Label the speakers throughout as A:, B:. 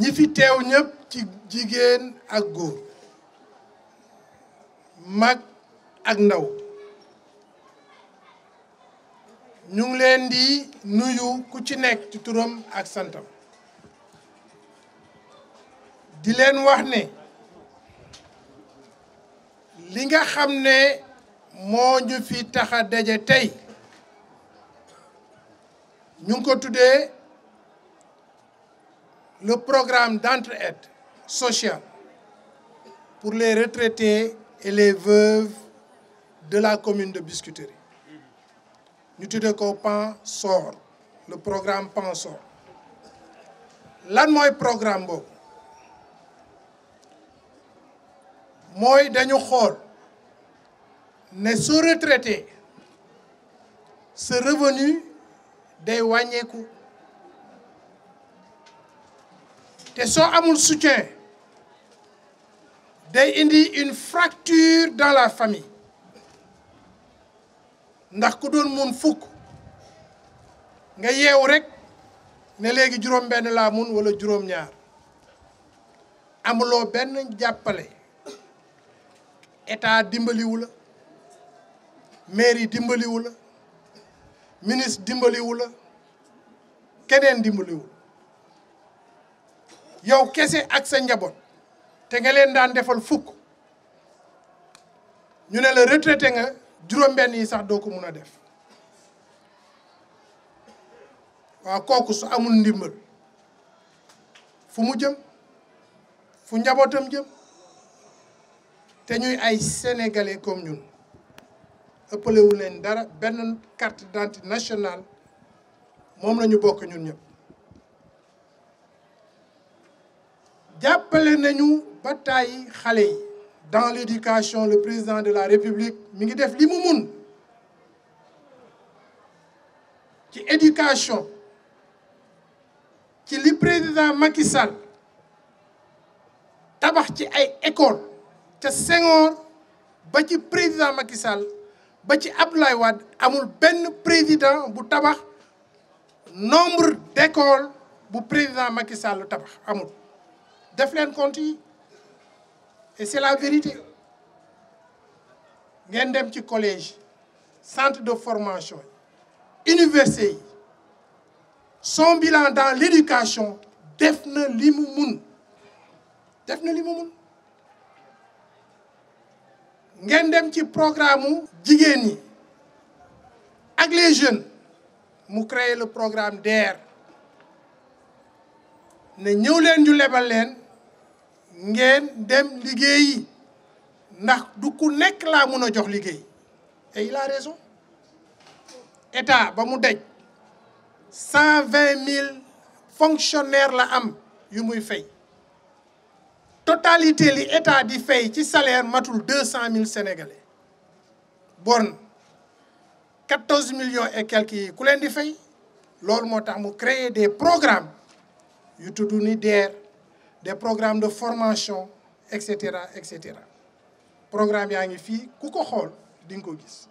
A: ñi fi teew ñëpp ci jigéen ak góor mag ak ndaw ñu leen di nuyu ku ci nekk ci turam ak santam di leen wax ne li nga xam ne moo ñu fi tax a daje tey Nous avons le programme d'entraide sociale pour les retraités et les veuves de la commune de Biscuiterie Nous le ko PANSOR le programme PAN-SOR. lan programme Nous avons dañu programme. ne retraité ce revenu day wagneku te so amul soutien day indi une fracture dans la famille ndax ku doon mun fuk nga yew rek ne léegi juróom ben la mun wala juróom-ñaar amuloo ben jàppale état dimbaliwu la mairie ministre dimbaliwula la keneen dimbaliwu yow kese ak sa njaboot te nga leen daan defal fukk ñu ne la retraité nga juróom-benn yi sax doo ko mun a def waaw kooku su amul ndimbal fu mu jëm fu njabootam jëm te ñuy ay sénégalais kom ñun. ëppalewu leen dara une carte d'identité nationale moom la ñu bokk ñun ñëpp jàppale nañu ba dans l'éducation le président de la république mi ngi def qui ci éducation ci li président Makissal, Sall tabax ci ay école ca Senghor ba président Macky ba ci Abdoulaye Wade amul benn président bu tabax nombre d'écoles bu président Macky Sall tabax amul def leen compte et c'est la vérité ngeen dem ci collège centre de formation université yi son bilan dans l'éducation def na li mu mun def na li mu ngeen dem ci programme mu jigéen ñi ak les jeunes mu créer le programme DER ne ñëw leen ñu lebal leen ngeen dem liggéeyi ndax du ku nekk laa mun a jox liggéey et il a raison état ba mu dej cent fonctionnaires la am yu muy fay totalité li état di fay ci salaire matul deux sénégalais bon 14 millions et quelques yi ku leen di fay loolu motax mu créer des programmes yu tudd ni DER des programmes de formation etc. cetera et cetera programme yaa ngi fii ku ko xol ding ko gis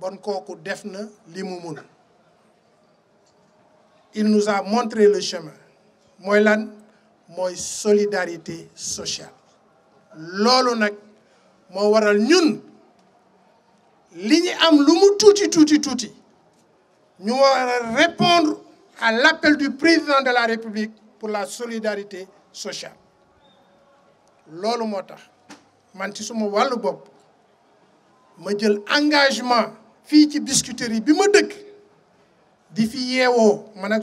A: bon koku def na li mu il nous a montré le chemin mooy moy solidarité sociale lolu nak que waral ñun am ñu répondre à l'appel du président de la République pour la solidarité sociale lolu motax man ci suma walu bop ma jël engagement fi ci biscuiterie bima dëkk di fi man ak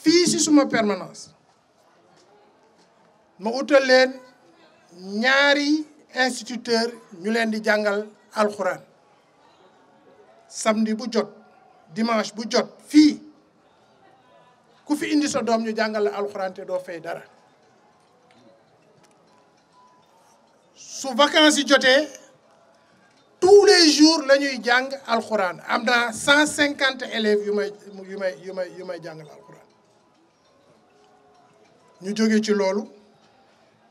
A: fii permanence ma utal leen ñaari instituteur ñu leen di jàngal alxuraan samedi bu jot dimanche bu jot fii ku fi indi sa doom ñu jàngal la te doo fay dara su vacances yi jotee tous les jours la ñuy jàng alxuraan am cent cinquante élèves yu may yu may yu may yu may jàngal alxuraan ñu jóge ci loolu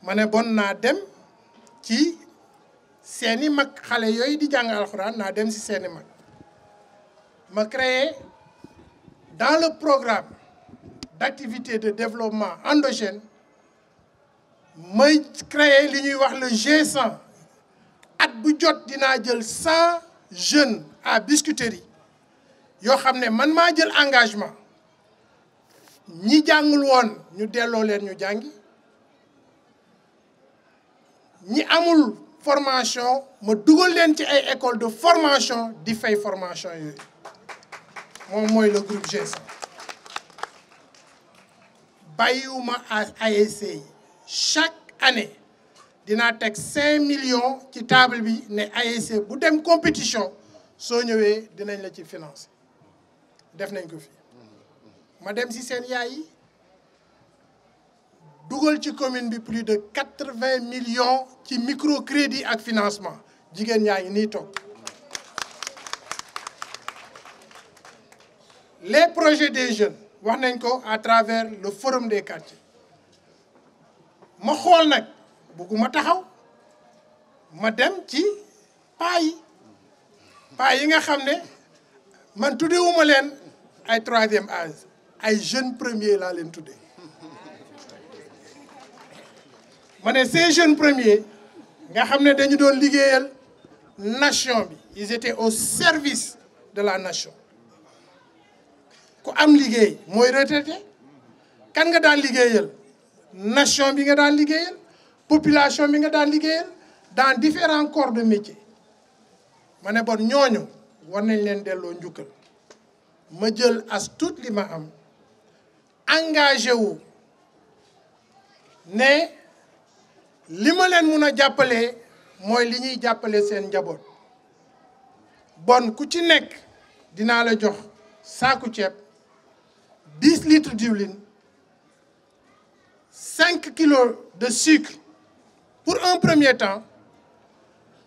A: ma ne bon naa dem ci seeni mag xale yooyu di jàng alxuraan naa dem ci seeni mag ma créer dans le programme d'activité de développement endogène may créer li ñuy wax le G100 at bu jot dinaa jël 100 jeunes à biscuiterie yoo xam ne man maa jël engagement ñi jangul won ñu delloo leen ñu jangi ñi amul formation ma dugal leen ci ay école de formation di fay formation yooyu moom le groupe G5 bàyyiwuma ASC chaque année dina tek 5 millions ci table bi ne ASC bu dem compétition so ñëwee dinañ la ci financer def nañ ko fi. Madame Sissène si Dougal ci commune bi plus de 80 millions ci microcrédit ak financement Jigen ñaa ni tok. les projets des jeunes wax nañ ko à travers le forum des quartiers ma xool nag bëgguma taxaw ma dem ci paa yi paa yi nga xam ne man tuddewuma leen ay troisième âge ay jeunes premiers là, leen tuddee ma ces jeunes premiers nga xamné dañu doon liguéyal nation bi ils étaient au service de la nation ko am liguéy moy retraité kan nga daan liguéyal nation bi nga daan liguéyal population bi nga daan liguéyal dans différents corps de métier mané bon ñoño war nañ leen delloo njukkal ma jël as tuut li ma am engagé wu né lima len mëna jappalé moy li ñuy jappalé seen njabot bon ku ci nek dina la jox saku ciép 10 litres d'huile 5 kilos de sucre pour un premier temps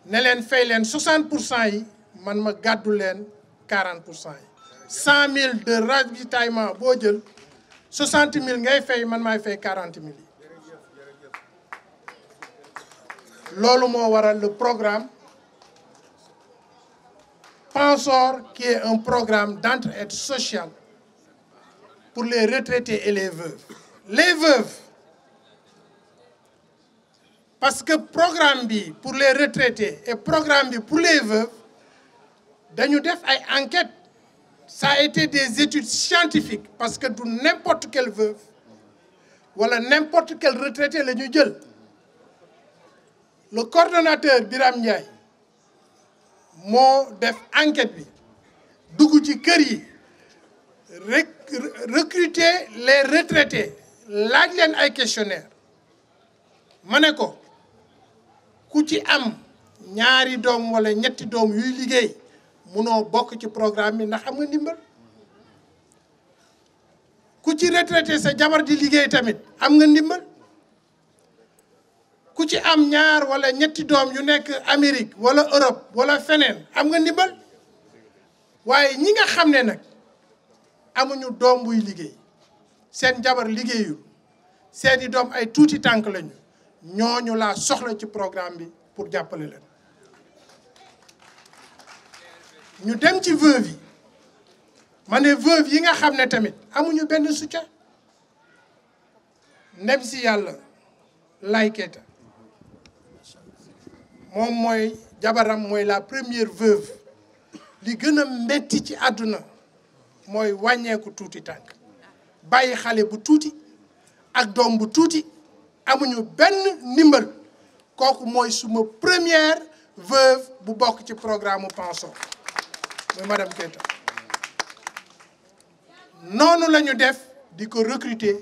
A: né len fay 60% yi man ma gadul len 40% 100 000 de ravitaillement bo jël 60 000 ngay fay man 40 000. quarante waral le programme PENSOR, qui est un programme d'entraide sociale pour les retraités et les veuves les veuves parce que programme B pour les retraités et programme B pour les veuves dañu def une enquête ça a été des études scientifiques parce que n'importe quelle veuve voilà n'importe quel retraité le coordonnateur Biram Ndiaye moo def enquête bi a recruter les retraités l'agent a ay questionnaire Maneko, Kouti am ñaari Dom wala ñetti Dom munoo bokk ci programme bi ndax am nga ndimbal ku ci retraité sa jabar di liggéey tamit am nga ndimbal ku ci am ñaar walla ñetti doom yu nekk Amérique wala Europe wala feneen am nga ndimbal waaye ñi nga xam ne nag amuñu doom buy liggéey seen jabar liggéeyul seeni doom ay tuuti tànk lañu ñooñu laa soxla ci programme bi pour jàppale leen ñu dem ci veuve yi ma ne yi nga xam ne tamit amuñu benn soutien ndem si yàlla Laye Keita moom mooy jabaram mooy la première veuve li gën a metti ci adduna mooy wàññeeku tuuti tànk bàyyi xale bu tuuti ak doom bu tuuti amuñu benn ndimbal kooku mooy suma première veuve bu bokk ci programme mu Pansor mooy madame Keita noonu la ñu def di ko recruter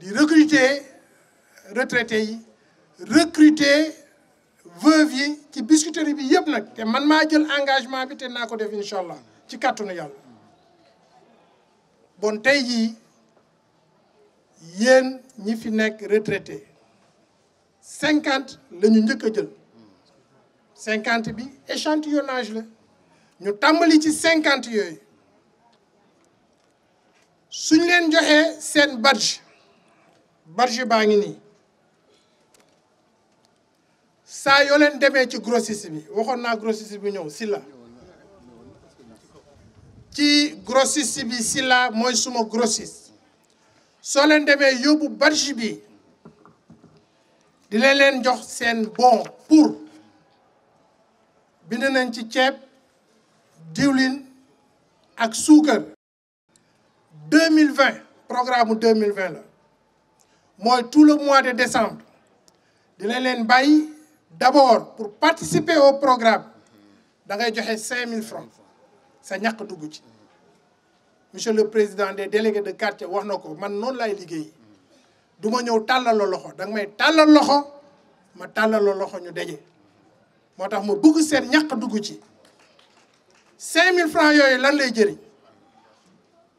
A: De recruter retraités recruter veuve qui ci biscuiterie bi yeb nak té man ma jël engagement bi té nako def inshallah ci kàttanu yalla bon tay yi, yeen ñi fi nek retraité 50 lañu ñëk jël 50 bi échantillonnage la ñu tàmbali ci cinquante yooyu suñ leen joxee seen badge badge baa ngi nii saa yoo leen demee ci grossiste bi waxoon naa grossiste bi ñëw Silla ci grossiste bi la mooy suma grossis soo leen demee yóbbu badge bi dina leen jox seen bon pour bind nañ ci ceeb diwlin ak 2020 2020 programme 2020. Moi la moy tout le mois de décembre dina len bàyyi d'abord pour participer au programme da ngay joxe 5000 francs sa ñak duggu ci monsieur le président des délégués de quartier waxnako man non lay liggéey duma ñew talal loxo da may talal loxo ma talal loxo ñu daje motax mo ma bëgg seen ñak duggu ci 5 000 francs yoy lan lay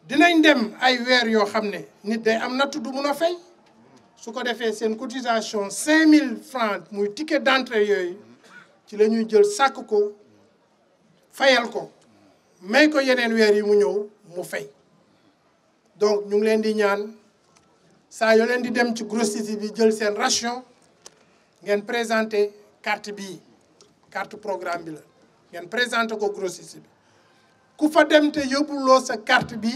A: dinañ dem ay yo xamné nit day am du cotisation 5000 francs muy ticket d'entrée yoy ci lañuy jël sàkk ko fayal ko may ko yenen yi mu mu fay donc ñu ngi leen di ñaan leen di dem ration carte carte programme ngeen présenté ko grossiste bi ku fa dem te yóbbuloo sa carte bi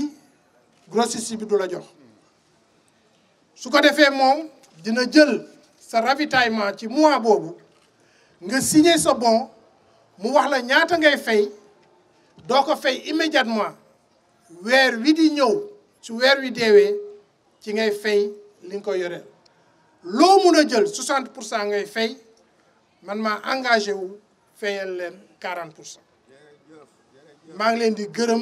A: grossiste bi du jox su ko fait mom dina jël sa ravitaillement ci mois vous nga signer sa bon mu wax la ñaata ngay fay vous ko fay immédiatement wi di wi avez ci ngay fay li 60 fait, ngay fay man engagé wu 40 pour cent maa ngi leen di gërëm